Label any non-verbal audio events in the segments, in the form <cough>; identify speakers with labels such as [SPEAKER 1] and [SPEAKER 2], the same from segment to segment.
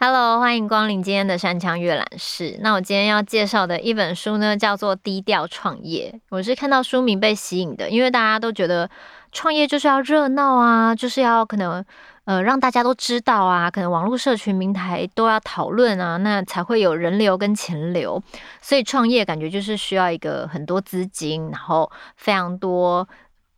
[SPEAKER 1] Hello，歡迎光臨今天的山羌閱覽室。那我今天要介紹的一本書呢，叫做《低調創業》。我是看到書名被吸引的，因為大家都覺得創業就是要熱鬧啊，就是要可能。呃，讓大家都知道啊，可能網絡社群平台都要討論啊，那才會有人流跟錢流。所以創業感覺就是需要一個很多資金，然後非常多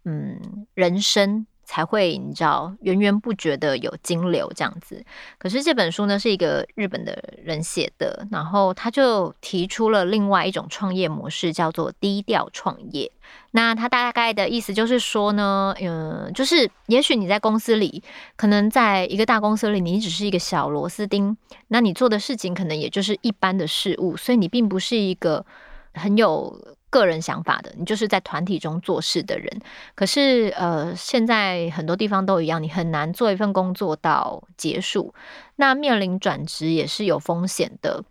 [SPEAKER 1] 嗯人生。才會你知道源源不絕的有金流這樣子，可是這本書呢，是一個日本的人寫的，然後他就提出了另外一種創業模式，叫做低調創業。那他大概的意思就是說呢，嗯，就是也許你在公司裡，可能在一個大公司裡，你只是一個小螺絲釘，那你做的事情可能也就是一般的事物，所以你並不是一個很有。個人想法的，你就是在團體中做事的人。可是，呃，現在很多地方都一樣，你很難做一份工作到結束，那面臨轉職也是有風險的。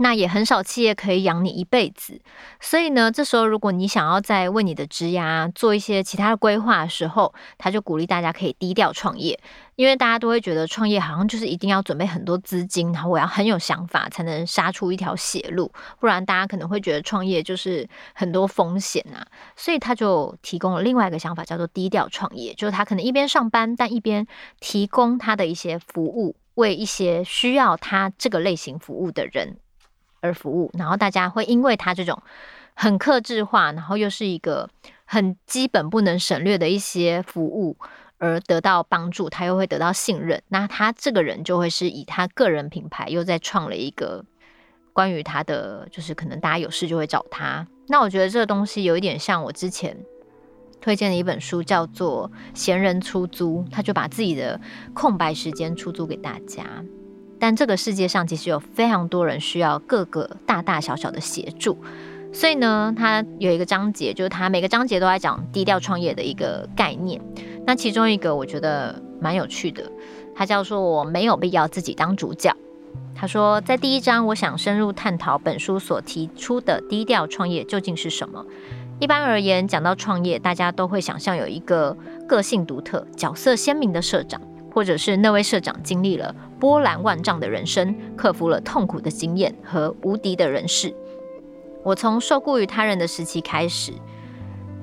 [SPEAKER 1] 那也很少企業可以養你一輩子，所以呢，這時候如果你想要再為你的職涯做一些其他的規劃的時候，他就鼓勵大家可以低調創業，因為大家都會覺得創業好像就是一定要準備很多資金，然後我要很有想法才能殺出一條血路，不然大家可能會覺得創業就是很多風險啊，所以他就提供了另外一個想法，叫做低調創業，就是他可能一邊上班，但一邊提供他的一些服務，為一些需要他這個類型服務的人。而服務，然後大家會因為他這種很客製化，然後又是一個很基本不能省略的一些服務而得到幫助，他又會得到信任。那他這個人就會是以他個人品牌又再創了一個關於他的，就是可能大家有事就會找他。那我覺得這個東西有一點像我之前推薦的一本書，叫做《閒人出租》，他就把自己的空白時間出租給大家。但這個世界上其實有非常多人需要各個大大小小的協助，所以呢，他有一個章節，就是他每個章節都在講低調創業的一個概念。那其中一個我覺得蠻有趣的，他叫做“我沒有必要自己當主角”。他說，在第一章，我想深入探討本書所提出的低調創業究竟是什麼。一般而言，講到創業，大家都會想象有一個個性獨特、角色鮮明的社長。或者是那位社長經歷了波瀾萬丈的人生，克服了痛苦的經驗和無敵的人事。我從受雇於他人的時期開始，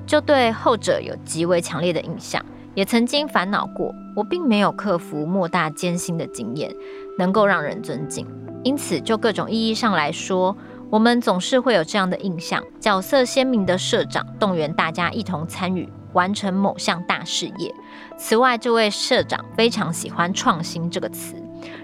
[SPEAKER 1] 就對後者有極為強烈的印象，也曾經煩惱過。我並沒有克服莫大艱辛的經驗，能夠讓人尊敬。因此，就各種意義上來說，我們總是會有這樣的印象：角色鮮明的社長動員大家一同參與。完成某項大事業。此外，這位社長非常喜歡“創新”這個詞，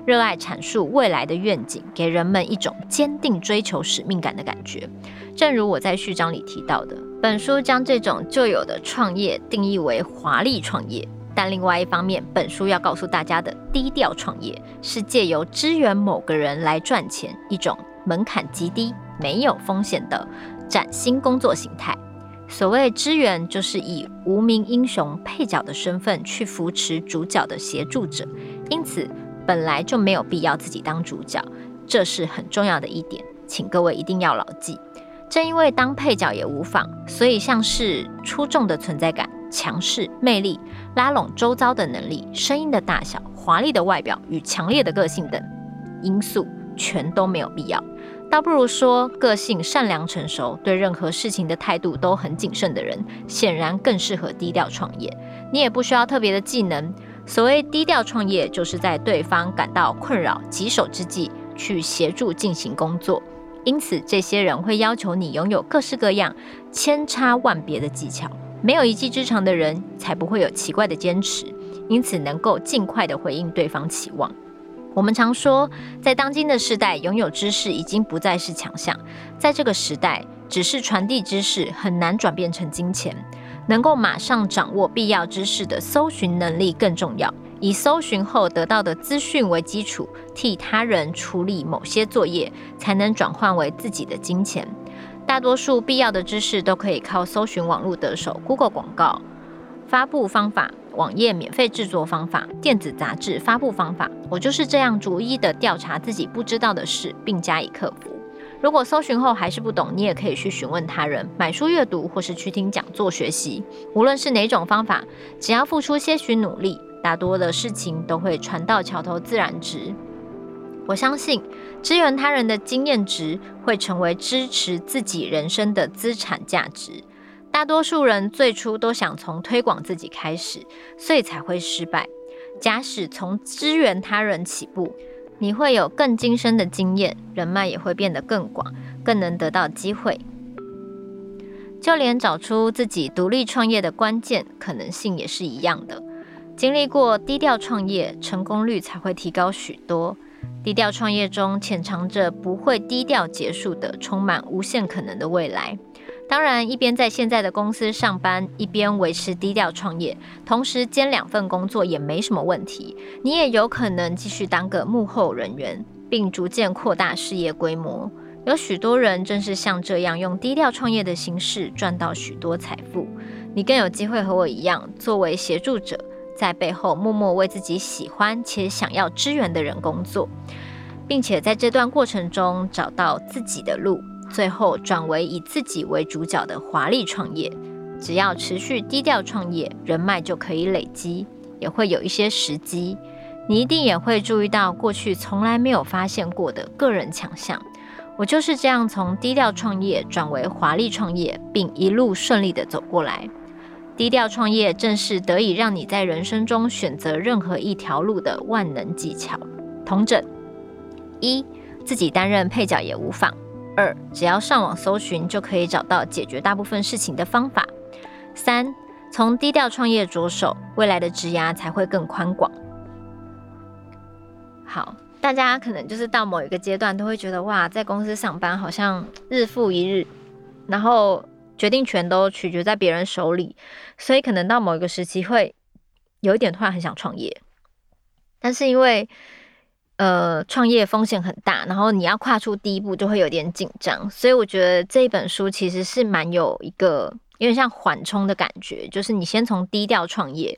[SPEAKER 1] 熱愛闡述未來的願景，給人們一種堅定追求使命感的感覺。正如我在序章裡提到的，本書將這種舊有的創業定義為華麗創業，但另外一方面，本書要告訴大家的低調創業，是借由支援某個人來賺錢，一種門檻極低、沒有風險的嶄新工作形態。所謂支援，就是以無名英雄配角的身份去扶持主角的協助者，因此本來就沒有必要自己當主角，這是很重要的一點，請各位一定要牢記。正因為當配角也無妨，所以像是出眾的存在感、強勢魅力、拉攏周遭的能力、聲音的大小、華麗的外表與強烈的個性等因素，全都沒有必要。倒不如說，個性善良、成熟，對任何事情的態度都很謹慎的人，顯然更適合低調創業。你也不需要特別的技能。所謂低調創業，就是在對方感到困擾、棘手之際，去協助進行工作。因此，這些人會要求你擁有各式各樣、千差萬別的技巧。沒有一技之長的人，才不會有奇怪的堅持。因此，能夠盡快地回應對方期望。我們常說，在當今的時代，擁有知識已經不再是強項。在這個時代，只是傳遞知識很難轉變成金錢，能夠馬上掌握必要知識的搜尋能力更重要。以搜尋後得到的資訊為基礎，替他人處理某些作業，才能轉換為自己的金錢。大多數必要的知識都可以靠搜尋網絡得手。Google 廣告發布方法。網頁免費製作方法，電子雜誌發布方法，我就是這樣逐一的調查自己不知道的事，並加以克服。如果搜尋後還是不懂，你也可以去詢問他人，買書閱讀，或是去聽講座學習。無論是哪種方法，只要付出些許努力，大多的事情都會船到橋頭自然直。我相信，支援他人的經驗值會成為支持自己人生的資產價值。大多數人最初都想從推廣自己開始，所以才會失敗。假使從支援他人起步，你會有更精深的經驗，人脈也會變得更廣，更能得到機會。就連找出自己獨立創業的關鍵，可能性也是一樣的。經歷過低調創業，成功率才會提高許多。低調創業中潛藏着不會低調結束的、充滿無限可能的未來。當然，一邊在現在的公司上班，一邊維持低調創業，同時兼兩份工作也沒什麼問題。你也有可能繼續當個幕後人員，並逐漸擴大事業規模。有許多人正是像這樣用低調創業的形式賺到許多財富。你更有機會和我一樣，作為協助者，在背後默默為自己喜歡且想要支援的人工作，並且在這段過程中找到自己的路。最後轉為以自己為主角的華麗創業，只要持續低調創業，人脈就可以累積，也會有一些時機。你一定也會注意到過去從來沒有發現過的個人強項。我就是這樣從低調創業轉為華麗創業，並一路順利的走過來。低調創業正是得以讓你在人生中選擇任何一條路的萬能技巧。統整。一，自己擔任配角也無妨。二，只要上網搜尋，就可以找到解決大部分事情的方法。三，從低調創業着手，未來的職涯才會更寬廣。好，大家可能就是到某一個階段，都會覺得哇，在公司上班好像日復一日，然後決定權都取決在別人手裡，所以可能到某一個時期會有一點突然很想創業，但是因為。呃，創業風險很大，然後你要跨出第一步就會有點緊張，所以我覺得這一本書其實是蠻有一個，有點像緩衝的感覺，就是你先從低調創業，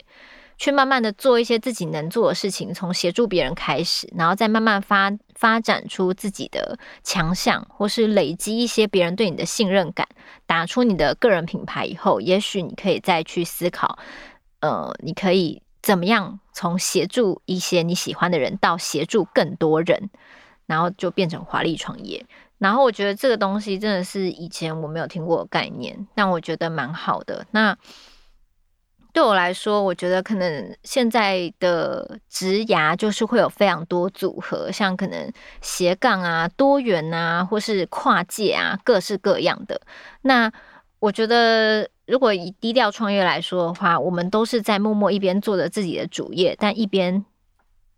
[SPEAKER 1] 去慢慢的做一些自己能做的事情，從協助別人開始，然後再慢慢發發展出自己的強項，或是累積一些別人對你的信任感，打出你的個人品牌以後，也許你可以再去思考，呃，你可以。怎麼樣從協助一些你喜歡的人，到協助更多人，然後就變成華麗創業。然後我覺得這個東西真的是以前我沒有聽過的概念，但我覺得蠻好的。那對我來說，我覺得可能現在的職涯就是會有非常多組合，像可能斜槓啊、多元啊，或是跨界啊，各式各樣的。那我覺得。如果以低調創業來說的話，我們都是在默默一邊做着自己的主業，但一邊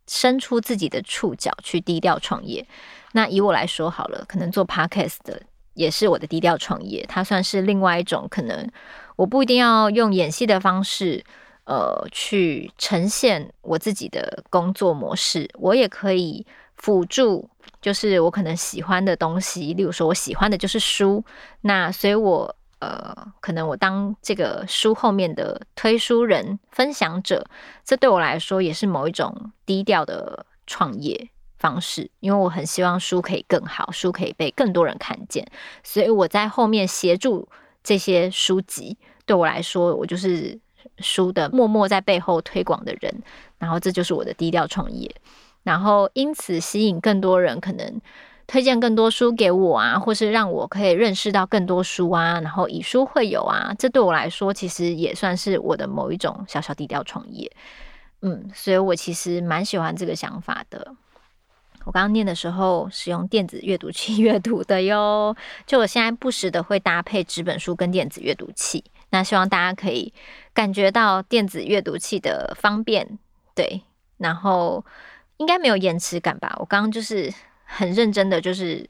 [SPEAKER 1] 伸出自己的觸角去低調創業。那以我來說好了，可能做 podcast 的也是我的低調創業，它算是另外一種可能。我不一定要用演戲的方式，呃，去呈現我自己的工作模式。我也可以輔助，就是我可能喜歡的東西，例如說，我喜歡的就是書，那所以我。呃，可能我當這個書後面的推書人、分享者，這對我來說也是某一種低調的創業方式，因為我很希望書可以更好，書可以被更多人看見，所以我在後面協助這些書籍，對我來說，我就是書的默默在背後推廣的人，然後這就是我的低調創業，然後因此吸引更多人可能。推薦更多書給我啊，或是讓我可以認識到更多書啊，然後以書會友啊，這對我來說其實也算是我的某一種小小低調創業。嗯，所以我其實蠻喜歡這個想法的。我剛剛念的時候使用電子閱讀器閱讀的喲，就我現在不時的會搭配紙本書跟電子閱讀器。那希望大家可以感覺到電子閱讀器的方便，對，然後應該沒有延遲感吧？我剛剛就是。很認真的，就是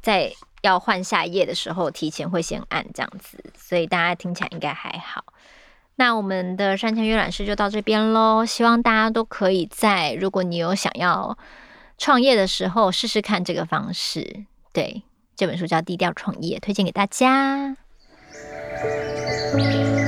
[SPEAKER 1] 在要換下一頁的時候，提前會先按這樣子，所以大家聽起來應該還好。那我們的山羌閱覽室就到這邊嘍，希望大家都可以在，如果你有想要創業的時候，試試看這個方式。對，這本書叫《低調創業》，推薦給大家。 <music>